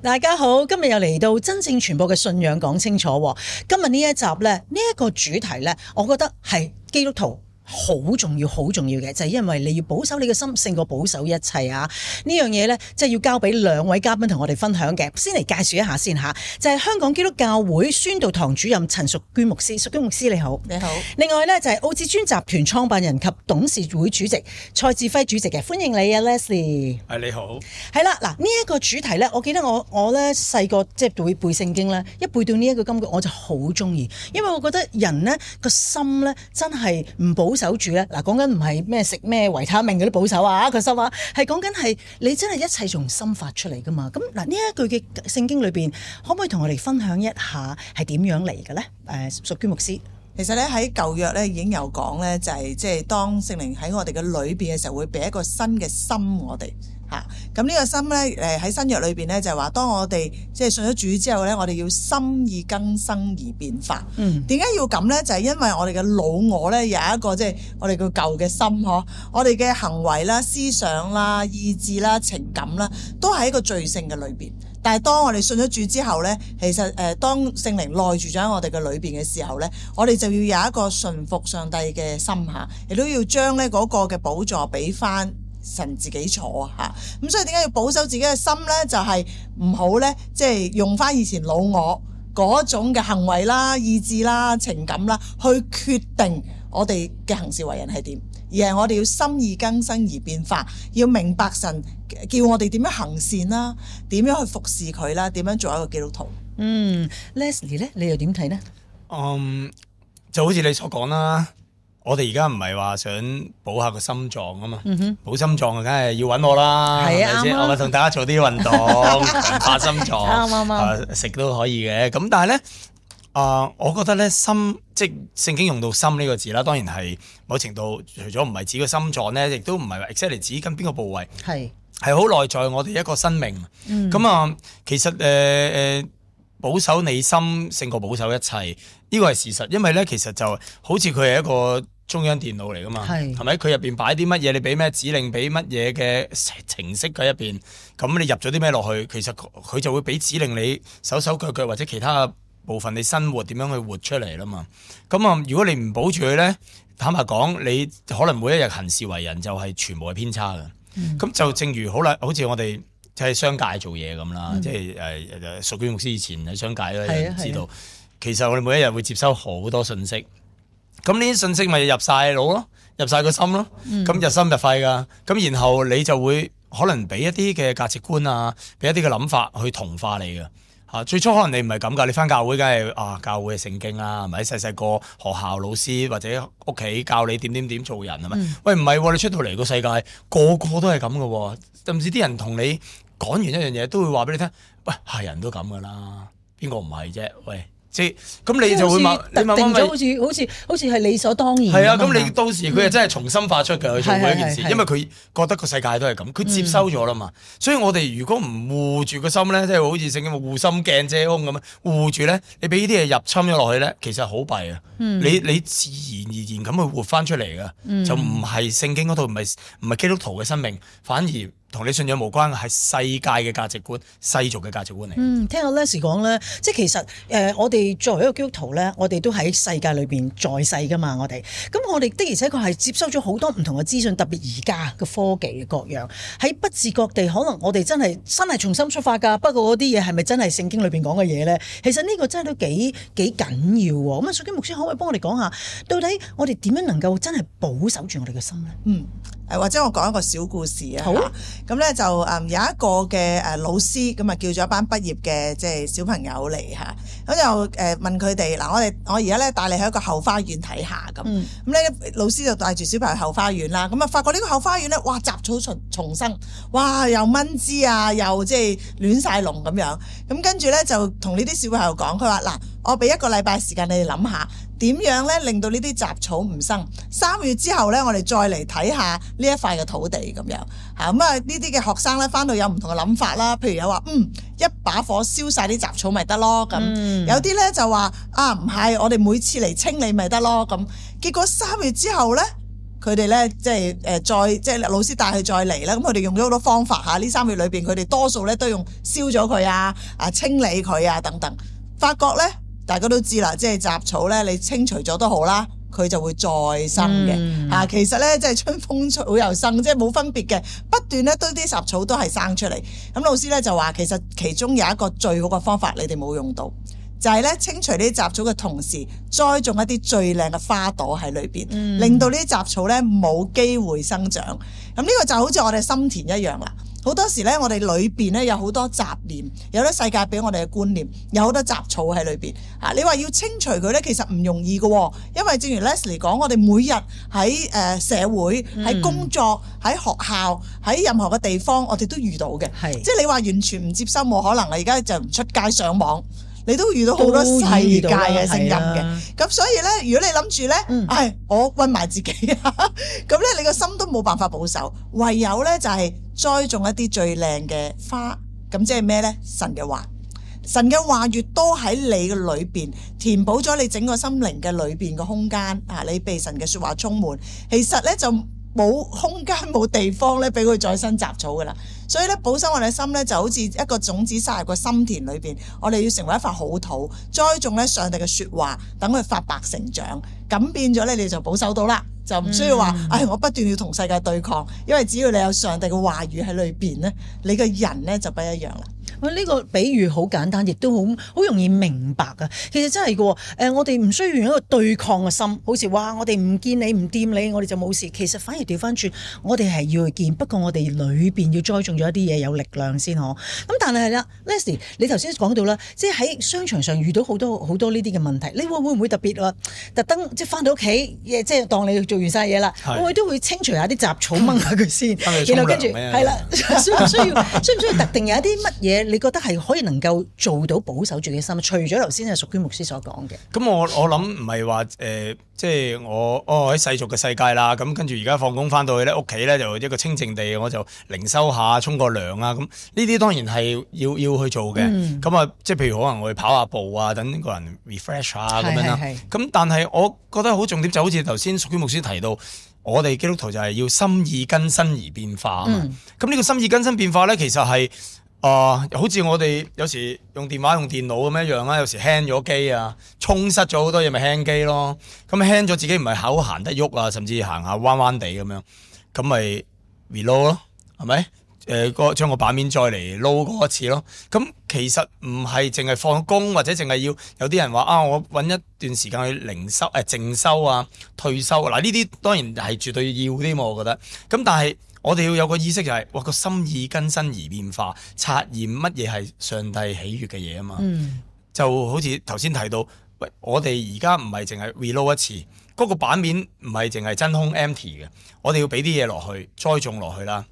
大家好，今日又嚟到真証傳播嘅信仰講清楚。今日呢一集咧，呢、這、一個主題咧，我覺得係基督徒。好重要，好重要嘅就係因為你要保守你嘅心，勝過保守一切啊！呢樣嘢呢，即係要交俾兩位嘉賓同我哋分享嘅。先嚟介紹一下先吓，就係香港基督教會宣道堂主任陳淑娟牧師，淑娟牧師，你好。你好。你好。另外呢，就係澳至尊集團創辦人及董事會主席蔡志輝主席嘅，歡迎你啊，Leslie。係，你好。係啦，嗱呢一個主題呢，我記得我我呢細個即係會背聖經咧，一背到呢一個金句，我就好中意，因為我覺得人呢個心呢，真係唔保守住咧，嗱，講緊唔係咩食咩維他命嗰啲保守啊，佢心話係講緊係你真係一切從心發出嚟噶嘛，咁，嗱，呢一句嘅聖經裏邊，可唔可以同我哋分享一下係點樣嚟嘅咧？誒，淑娟牧師。其實咧喺舊約咧已經有講咧，就係即係當聖靈喺我哋嘅裏邊嘅時候，會俾一個新嘅心我哋。嚇！咁呢個心咧，誒喺新約裏邊咧就係話，當我哋即係信咗主之後咧，我哋要心意更生而變化。點解、嗯、要咁咧？就係、是、因為我哋嘅老我咧有一個即係我哋叫舊嘅心呵，我哋嘅行為啦、思想啦、意志啦、情感啦，都係一個罪性嘅裏邊。但係當我哋信咗主之後咧，其實誒當聖靈內住咗喺我哋嘅裏邊嘅時候咧，我哋就要有一個順服上帝嘅心嚇，亦都要將咧嗰個嘅寶座俾翻。神自己坐吓，咁所以點解要保守自己嘅心呢？就係唔好呢，即係用返以前老我嗰種嘅行為啦、意志啦、情感啦，去決定我哋嘅行事為人係點，而係我哋要心意更新而變化，要明白神叫我哋點樣行善啦，點樣去服侍佢啦，點樣做一個基督徒。嗯，Leslie 咧，你又點睇呢？嗯，um, 就好似你所講啦。我哋而家唔係話想補下個心臟啊嘛，補心臟啊，梗係要搵我啦，係咪先？我咪同大家做啲運動，補下心臟，啱唔啱啊？食都可以嘅，咁但係咧，啊，我覺得咧，心即係聖經用到心呢個字啦，當然係某程度除咗唔係指個心臟咧，亦都唔係話 exactly 指緊邊個部位，係係好內在我哋一個生命。咁啊，其實誒誒，保守你心勝過保守一切，呢個係事實，因為咧，其實就好似佢係一個。中央電腦嚟噶嘛？係是，係咪佢入邊擺啲乜嘢？你俾咩指令？俾乜嘢嘅程式喺入邊？咁你入咗啲咩落去？其實佢就會俾指令你手手腳腳或者其他部分你生活點樣去活出嚟啦嘛。咁啊，如果你唔保住佢咧，坦白講，你可能每一日行事為人就係全部係偏差嘅。咁、嗯、就正如好啦，好似我哋就係商界做嘢咁啦，嗯、即係誒淑娟牧師以前喺商界咧、啊、知道，啊啊、其實我哋每一日會接收好多信息。咁呢啲信息咪入晒腦咯，入晒個心咯，咁、嗯、入心入肺噶。咁然後你就會可能俾一啲嘅價值觀啊，俾一啲嘅諗法去同化你噶。吓、啊、最初可能你唔係咁噶，你返教會梗係啊，教會嘅聖經啊，係咪？細細個學校老師或者屋企教你點點點做人係咪？嗯、喂唔係、啊，你出到嚟個世界個個都係咁噶，甚至啲人同你講完一樣嘢都會話俾你聽，喂係人都咁噶啦，邊個唔係啫？喂。人都咁你就會問，定你問咁咪好似好似好似係理所當然。係啊，咁你到時佢又、嗯、真係重新發出嘅，做每一件事，嗯、因為佢覺得個世界都係咁，佢接收咗啦嘛。嗯、所以我哋如果唔護住個心咧，即係好似聖經話護心鏡啫，咁樣，護住咧，你俾呢啲嘢入侵咗落去咧，其實好弊啊。嗯、你你自然而然咁去活翻出嚟噶，嗯、就唔係聖經嗰度，唔係唔係基督徒嘅生命，反而，反而。同你信仰冇關嘅係世界嘅價值觀、世俗嘅價值觀嚟。嗯，聽阿 Les 講咧，即係其實誒，我哋作為一個基督徒咧，我哋都喺世界裏邊在世噶嘛，我哋。咁我哋的而且確係接收咗好多唔同嘅資訊，特別而家嘅科技嘅各樣，喺不自覺地可能我哋真係真係從心出發㗎。不過嗰啲嘢係咪真係聖經裏邊講嘅嘢咧？其實呢個真係都幾幾緊要喎。咁啊，所以牧師可唔可以幫我哋講下，到底我哋點樣能夠真係保守住我哋嘅心咧？嗯，誒或者我講一個小故事啊。好。咁咧就誒有一個嘅誒老師，咁啊叫咗一班畢業嘅即係小朋友嚟吓，咁就誒問佢哋嗱，我哋我而家咧帶你去一個後花園睇下咁，咁咧、嗯、老師就帶住小朋友去後花園啦，咁啊發覺呢個後花園咧，哇雜草叢重生，哇又蚊滋啊，又即係亂晒龍咁樣，咁跟住咧就同呢啲小朋友講，佢話嗱。我俾一個禮拜時間你哋諗下點樣咧，令到呢啲雜草唔生。三月之後咧，我哋再嚟睇下呢一塊嘅土地咁樣。嚇咁啊，呢啲嘅學生咧翻到有唔同嘅諗法啦。譬如有話，嗯，一把火燒晒啲雜草咪得咯咁。嗯、有啲咧就話，啊唔係，我哋每次嚟清理咪得咯咁。結果三月之後咧，佢哋咧即係誒再即係、呃、老師帶佢再嚟啦。咁佢哋用咗好多方法嚇。呢、啊、三月裏邊佢哋多數咧都用燒咗佢啊啊清理佢啊等等，發覺咧。大家都知啦，即係雜草咧，你清除咗都好啦，佢就會再生嘅。啊、嗯，其實咧即係春風吹又生，即係冇分別嘅，不斷咧堆啲雜草都係生出嚟。咁老師咧就話，其實其中有一個最好嘅方法，你哋冇用到，就係、是、咧清除呢啲雜草嘅同時，栽種一啲最靚嘅花朵喺裏邊，嗯、令到呢啲雜草咧冇機會生長。咁、嗯、呢、這個就好似我哋心田一樣啦。好多時咧，我哋裏邊咧有好多雜念，有啲世界俾我哋嘅觀念，有好多雜草喺裏邊。嚇，你話要清除佢咧，其實唔容易嘅喎。因為正如 Leslie 講，我哋每日喺誒社會、喺、嗯、工作、喺學校、喺任何嘅地方，我哋都遇到嘅。係是，即係你話完全唔接收冇可能啊！而家就唔出街上網，你都遇到好多世界嘅聲音嘅。咁所以咧，如果你諗住咧，係、嗯、我困埋自己啊，咁 咧你個心都冇辦法保守，唯有咧就係、是。栽種一啲最靚嘅花，咁即係咩呢？神嘅話，神嘅話越多喺你嘅裏邊，填補咗你整個心靈嘅裏邊嘅空間啊！你被神嘅說話充滿，其實呢就冇空間冇地方咧俾佢再生雜草噶啦。所以咧，保守我哋嘅心呢，就好似一個種子塞入個心田裏邊，我哋要成為一塊好土，栽種咧上帝嘅說話，等佢發白成長。咁變咗咧你就保守到啦。就唔需要話，唉！我不斷要同世界對抗，因為只要你有上帝嘅話語喺裏邊咧，你嘅人咧就不一樣啦。呢個比喻好簡單，亦都好好容易明白噶。其實真係嘅，誒我哋唔需要一個對抗嘅心，好似話我哋唔見你唔掂你，我哋就冇事。其實反而調翻轉，我哋係要去見，不過我哋裏邊要栽種咗一啲嘢有力量先可。咁但係係啦，Leslie，你頭先講到啦，即係喺商場上遇到好多好多呢啲嘅問題，你會會唔會特別啊？特登即係翻到屋企，即係當你做完晒嘢啦，是我哋都會清除下啲雜草掹下佢先？然後跟住係啦， 需唔需要？需唔需要特定有一啲乜嘢？你覺得係可以能夠做到保守住你嘅心，除咗頭先啊，淑娟牧師所講嘅。咁我我諗唔係話誒，即係我哦喺世俗嘅世界啦，咁跟住而家放工翻到去咧屋企咧就一個清靜地，我就靈修下、沖個涼啊咁。呢啲當然係要要去做嘅。咁啊、嗯，即係譬如可能我去跑下步啊，等個人 refresh 啊咁、嗯、樣啦。咁但係我覺得好重點就好似頭先淑娟牧師提到，我哋基督徒就係要心意更新而變化咁呢、嗯嗯、個心意更新變化咧，其實係。哦，uh, 好似我哋有時用電話用電腦咁一樣啦，有時 hang 咗機啊，沖失咗好多嘢咪 hang 機咯，咁 hang 咗自己唔係口行得喐啊，甚至行下彎彎地咁樣，咁咪 reload 咯，係咪？誒，個將個版面再嚟 load 嗰一次咯。咁其實唔係淨係放工或者淨係要有啲人話啊，我揾一段時間去零收誒、呃、淨收啊，退休啊。嗱呢啲當然係絕對要啲喎，我覺得。咁但係。我哋要有個意識就係、是，哇個心意更新而變化，察驗乜嘢係上帝喜悅嘅嘢啊嘛。Mm hmm. 就好似頭先提到，喂我哋而家唔係淨係 reload 一次，嗰、那個版面唔係淨係真空 empty 嘅，我哋要俾啲嘢落去，栽種落去啦。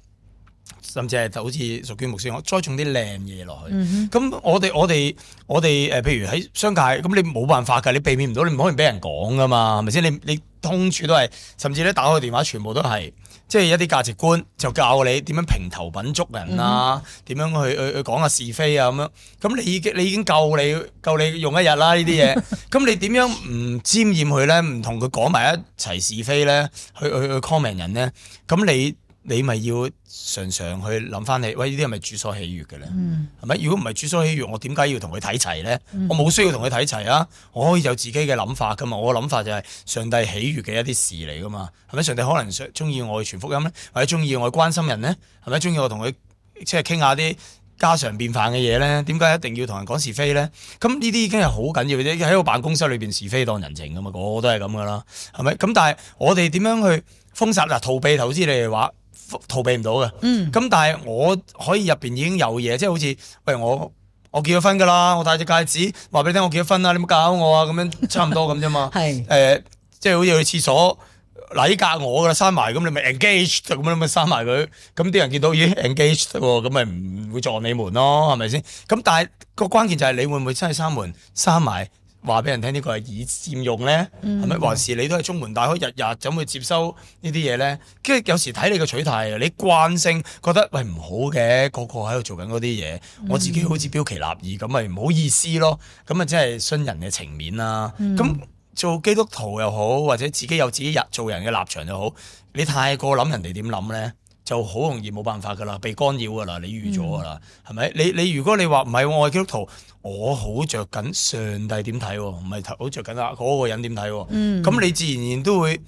甚至係就好似淑娟牧師我栽種啲靚嘢落去。咁、mm hmm. 我哋我哋我哋誒，譬如喺商界，咁你冇辦法㗎，你避免唔到，你唔可以俾人講㗎嘛，係咪先？你你通處都係，甚至咧打個電話，全部都係。即係一啲價值觀，就教你點樣評頭品足人啦、啊，點、嗯、樣去去去講下是非啊咁樣。咁你已經你已經夠你夠你用一日啦呢啲嘢。咁 你點樣唔沾染佢咧？唔同佢講埋一齊是非咧？去去去 comment 人咧？咁你？你咪要常常去諗翻起，喂呢啲係咪主所喜悅嘅咧？係咪、嗯？如果唔係主所喜悅，我點解要同佢睇齊咧？嗯、我冇需要同佢睇齊啊！我可以有自己嘅諗法噶嘛？我諗法就係上帝喜悅嘅一啲事嚟噶嘛？係咪？上帝可能中意我傳福音咧，或者中意我關心人咧？係咪？中意我同佢即係傾下啲家常便飯嘅嘢咧？點解一定要同人講是非咧？咁呢啲已經係好緊要嘅啫！喺個辦公室裏邊是非當人情噶嘛，個個都係咁噶啦，係咪？咁但係我哋點樣去封殺啦逃避投資你哋話？逃避唔到嘅，咁、嗯、但係我可以入邊已經有嘢，即係好似，喂，我我結咗婚噶啦，我戴隻戒指，話俾你聽我結咗婚啦，你唔好搞我啊，咁樣差唔多咁啫嘛。係 是，誒、呃，即係好似去廁所禮格我噶啦，閂埋咁你咪 engage 咁樣咪閂埋佢，咁啲人見到已經 engage 咁咪唔會撞你門咯，係咪先？咁但係個關鍵就係你會唔會真係閂門閂埋？話俾人聽、這個、呢個係以占用咧，係咪、嗯？還是你都係中門大開，日日咁去接收呢啲嘢咧？跟住有時睇你個取態，你慣性覺得喂唔好嘅，個個喺度做緊嗰啲嘢，嗯、我自己好似標奇立異咁，咪唔好意思咯。咁啊，即係信人嘅情面啦。咁、嗯、做基督徒又好，或者自己有自己日做人嘅立場又好。你太過諗人哋點諗咧？就好容易冇辦法噶啦，被干擾噶啦，你預咗噶啦，係咪、嗯？你你如果你話唔係我係基督徒，我好着緊上帝點睇、啊，唔係好着緊啊嗰、嗰個人點睇、啊，咁、嗯、你自然然都會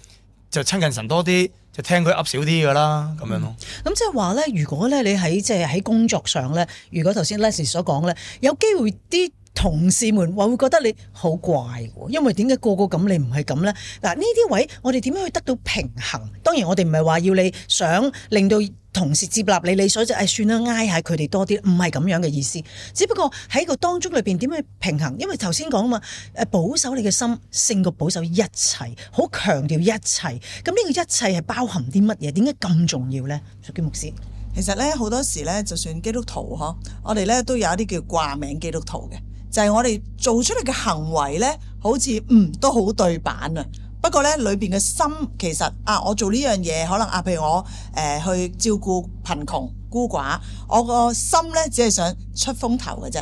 就親近神多啲，就聽佢噏少啲噶啦，咁樣咯。咁、嗯、即係話咧，如果咧你喺即係喺工作上咧，如果頭先 Leslie 所講咧，有機會啲。同事們話會覺得你好怪喎，因為點解個個咁你唔係咁呢？嗱，呢啲位我哋點樣去得到平衡？當然我哋唔係話要你想令到同事接納你，你所以就誒算啦，挨下佢哋多啲，唔係咁樣嘅意思。只不過喺個當中裏邊點去平衡？因為頭先講啊嘛，保守你嘅心勝過保守一切，好強調一切。咁呢個一切係包含啲乜嘢？點解咁重要呢？淑娟牧師，其實呢，好多時呢，就算基督徒我哋呢都有一啲叫掛名基督徒嘅。就係我哋做出嚟嘅行為呢，好似嗯都好對版啊！不過呢裏邊嘅心其實啊，我做呢樣嘢可能啊，譬如我、呃、去照顧貧窮孤寡，我個心呢，只係想出風頭嘅啫。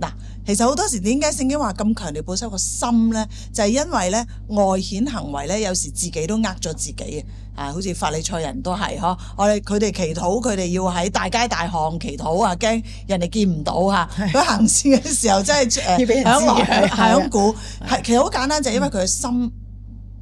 嗱、啊。其實好多時點解聖經話咁強烈保守個心咧，就係、是、因為咧外顯行為咧，有時自己都呃咗自己嘅啊，好似法利賽人都係呵，我哋佢哋祈禱，佢哋要喺大街大巷祈禱啊，驚人哋見唔到嚇，佢行善嘅時候真係誒響講，響鼓， 係 的其實好簡單，就係因為佢嘅心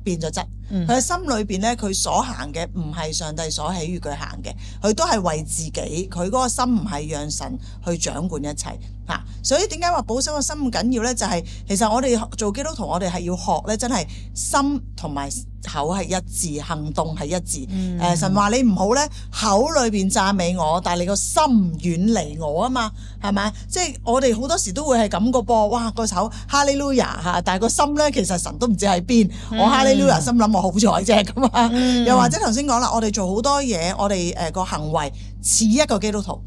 變咗質。佢嘅心裏邊，咧，佢所行嘅唔係上帝所喜悅佢行嘅，佢都係為自己，佢個心唔係讓神去掌管一切嚇、啊。所以點解話保守個心咁緊要咧？就係、是、其實我哋做基督徒，我哋係要學咧，真係心同埋口係一致，行動係一致。誒、嗯、神話你唔好咧，口裏邊讚美我，但係你個心遠離我啊嘛，係咪？即、就、係、是、我哋好多時都會係咁個噃，哇個手哈利路亞吓，但係個心咧其實神都唔知喺邊，我哈利路亞心諗。好彩啫咁啊！又或者頭先講啦，我哋做好多嘢，我哋誒個行為似一個基督徒，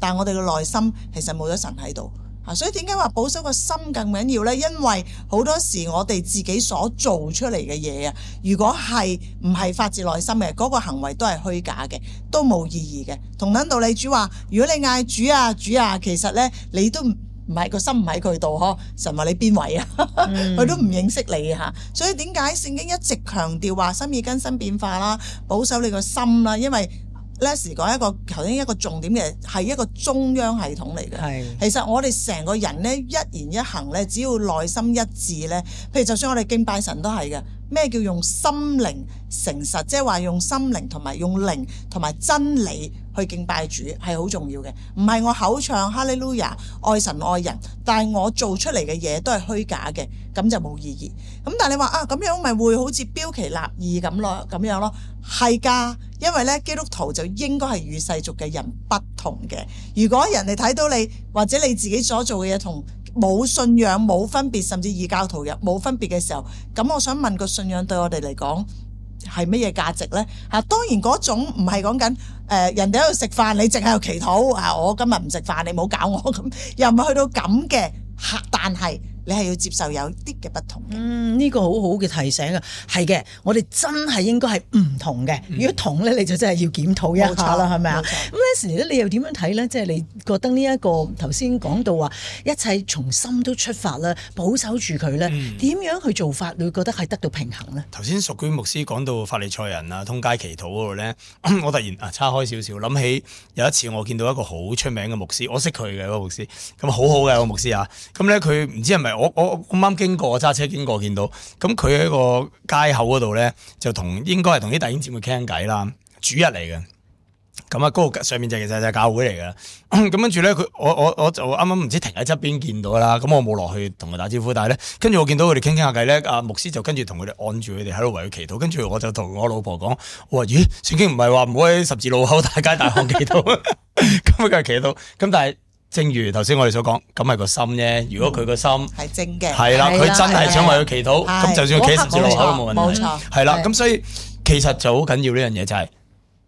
但係我哋嘅內心其實冇咗神喺度啊！所以點解話保守個心更緊要咧？因為好多時我哋自己所做出嚟嘅嘢啊，如果係唔係發自內心嘅，嗰個行為都係虛假嘅，都冇意義嘅。同等道理，主話：如果你嗌主啊主啊，其實咧你都唔……唔係個心唔喺佢度呵，神話你邊位啊？佢 都唔認識你嚇，嗯、所以點解聖經一直強調話心意更新變化啦，保守你個心啦，因為 less 講一個頭先一個重點嘅係一個中央系統嚟嘅。係是其實我哋成個人咧一言一行咧，只要內心一致咧，譬如就算我哋敬拜神都係嘅。咩叫用心靈誠實？即係話用心靈同埋用靈同埋真理去敬拜主係好重要嘅。唔係我口唱哈利路亞、愛神愛人，但係我做出嚟嘅嘢都係虛假嘅，咁就冇意義。咁但係你話啊，咁樣咪會好似標奇立異咁咯，咁樣咯，係㗎。因為咧，基督徒就應該係與世俗嘅人不同嘅。如果人哋睇到你或者你自己所做嘅嘢同，冇信仰冇分別，甚至異教徒入冇分別嘅時候，咁我想問個信仰對我哋嚟講係乜嘢價值呢？嚇，當然嗰種唔係講緊誒人哋喺度食飯，你淨係喺度祈禱啊！我今日唔食飯，你冇搞我咁，又唔係去到咁嘅客但係。你係要接受有啲嘅不同嗯，呢、這個好好嘅提醒啊，係嘅，我哋真係應該係唔同嘅。如果同咧，你就真係要檢討一下啦，係咪啊？咁 Leslie 咧，你又點樣睇咧？即、就、係、是、你覺得呢、這、一個頭先講到話一切從心都出發啦，保守住佢咧，點、嗯、樣去做法？你會覺得係得到平衡咧？頭先、嗯、淑娟牧師講到法利賽人啊，通街祈禱嗰度咧，我突然啊，叉開少少，諗起有一次我見到一個好出名嘅牧師，我識佢嘅嗰個牧師，咁好好嘅個牧師啊。咁咧佢唔知係咪？我我咁啱經過揸車經過到剛剛見到，咁佢喺個街口嗰度咧，就同應該係同啲弟兄姊妹傾偈啦，主日嚟嘅。咁啊，嗰個上面就其實就係教會嚟嘅。咁跟住咧，佢我我我就啱啱唔知停喺側邊見到啦。咁我冇落去同佢打招呼，但係咧，跟住我見到佢哋傾傾下偈咧，阿牧師就跟住同佢哋按住佢哋喺度為佢祈禱。跟住我就同我老婆講，我話，咦，聖經唔係話唔好喺十字路口大街大巷祈禱，今日佢係祈禱，咁但係。正如頭先我哋所講，咁係個心啫。如果佢個心係、嗯、正嘅，係啦的，佢的真係想為佢祈禱，咁的就算佢企十字路口都冇問題。冇錯，係啦。咁的的所以其實就好緊要呢樣嘢，就係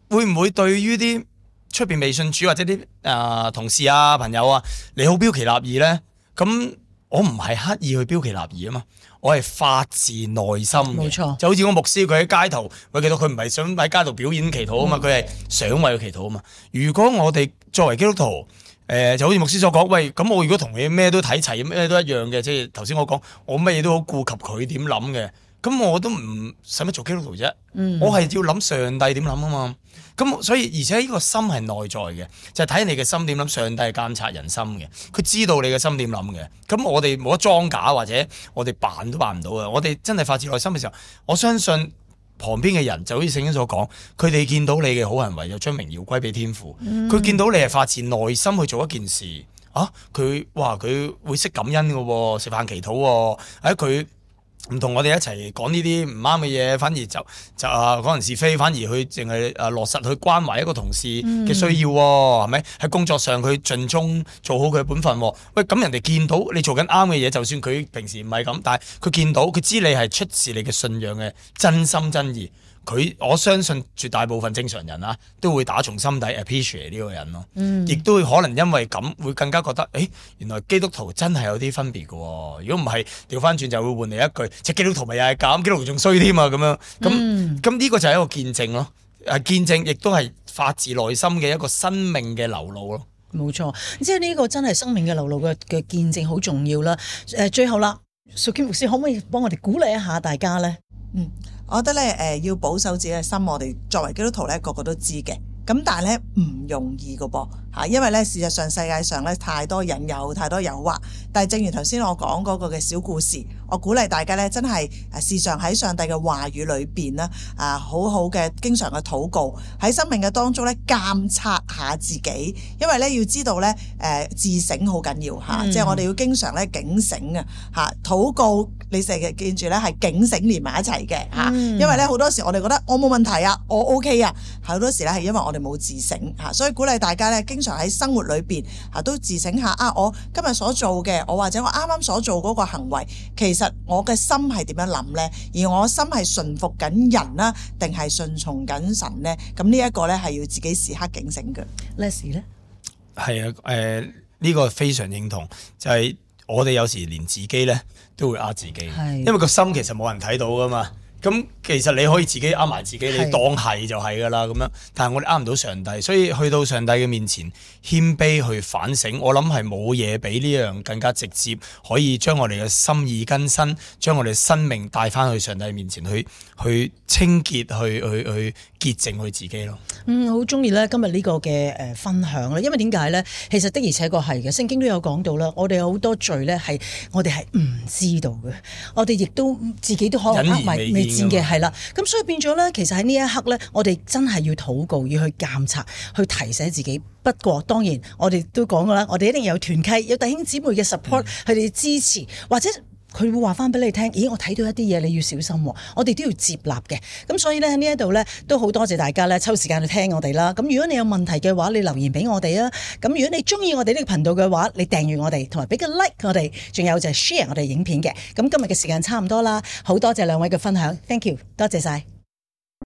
會唔會對於啲出邊未信主或者啲啊、呃、同事啊朋友啊，你好標奇立異咧？咁我唔係刻意去標奇立異啊嘛，我係發自內心，冇錯，錯就好似我牧師佢喺街頭，佢祈禱，佢唔係想喺街度表演祈禱啊嘛，佢係、嗯、想為佢祈禱啊嘛。如果我哋作為基督徒，誒、呃，就好似牧師所講，喂，咁我如果同你咩都睇齊，咩都一樣嘅，即係頭先我講，我乜嘢都好顧及佢點諗嘅，咁我都唔使乜做基督徒啫，嗯、我係要諗上帝點諗啊嘛，咁所以而且呢個心係內在嘅，就係、是、睇你嘅心點諗，上帝係監察人心嘅，佢知道你嘅心點諗嘅，咁我哋冇得裝假或者我哋扮都扮唔到啊，我哋真係發自內心嘅時候，我相信。旁邊嘅人就好似聖經所講，佢哋見到你嘅好行為，又將榮耀歸俾天父。佢、嗯、見到你係發自內心去做一件事，啊，佢哇佢會識感恩嘅，食飯祈禱喎，佢、啊。唔同我哋一齊講呢啲唔啱嘅嘢，反而就就啊講人是非，反而去淨係誒落實去關懷一個同事嘅需要，係咪？嗯？喺工作上佢盡忠做好佢嘅本分，啊。喂，咁人哋見到你做緊啱嘅嘢，就算佢平時唔係咁，但係佢見到佢知你係出自你嘅信仰嘅真心真意。佢我相信絕大部分正常人啦、啊，都會打從心底 appreciate 呢、這個人咯、啊，亦、嗯、都會可能因為咁，會更加覺得誒，原來基督徒真係有啲分別嘅、哦。如果唔係，調翻轉就會換嚟一句，即基督徒咪又係咁，基督徒仲衰添啊咁樣。咁咁呢個就係一個見證咯、啊，誒見證亦都係發自內心嘅一個生命嘅流露咯。冇錯，即係呢個真係生命嘅流露嘅嘅見證好重要啦。誒、呃，最後啦，淑娟牧師可唔可以幫我哋鼓勵一下大家咧？嗯。我覺得咧，誒、呃、要保守自己嘅心，我哋作為基督徒咧，個個都知嘅。咁但係咧唔容易嘅噃嚇，因為咧事實上世界上咧太多引誘，太多誘惑。但係正如頭先我講嗰個嘅小故事，我鼓勵大家咧真係誒時常喺上帝嘅話語裏邊咧啊，好好嘅經常嘅禱告，喺生命嘅當中咧監察下自己，因為咧要知道咧誒、呃、自省好緊要嚇，嗯、即係我哋要經常咧警醒啊嚇，禱告你成日見住咧係警醒連埋一齊嘅嚇，因為咧好多時我哋覺得我冇問題啊，我 OK 啊，好多時咧係因為我。你冇自省吓，所以鼓勵大家咧，經常喺生活裏邊吓都自省下啊！我今日所做嘅，我或者我啱啱所做嗰個行為，其實我嘅心係點樣諗咧？而我心係順服緊人啦，定係順從緊神咧？咁呢一個咧係要自己時刻警醒嘅。Leslie 咧，係啊，誒，呢個非常認同，就係我哋有時連自己咧都會呃自己，係因為個心其實冇人睇到噶嘛。咁其實你可以自己啱埋自己，你當係就係㗎啦，咁樣的。但係我哋啱唔到上帝，所以去到上帝嘅面前謙卑去反省，我諗係冇嘢比呢樣更加直接，可以將我哋嘅心意更新，將我哋嘅生命帶翻去上帝面前去去清潔，去去去潔淨佢自己咯。嗯，好中意咧今日呢個嘅誒分享啦，因為點解咧？其實的而且確係嘅，聖經都有講到啦。我哋有好多罪咧係我哋係唔知道嘅，我哋亦都自己都可能嘅係啦，咁所以變咗咧，其實喺呢一刻咧，我哋真係要禱告，要去監察，去提醒自己。不過當然，我哋都講過啦，我哋一定有團契，有弟兄姊妹嘅 support，佢哋支持或者。佢會話翻俾你聽，咦！我睇到一啲嘢，你要小心。我哋都要接納嘅。咁所以呢，喺呢一度呢，都好多謝大家呢，抽時間去聽我哋啦。咁如果你有問題嘅話，你留言俾我哋啊。咁如果你中意我哋呢個頻道嘅話，你訂閱我哋，同埋俾個 like 我哋，仲有就係 share 我哋影片嘅。咁今日嘅時間差唔多啦，好多謝兩位嘅分享，Thank you，多謝晒。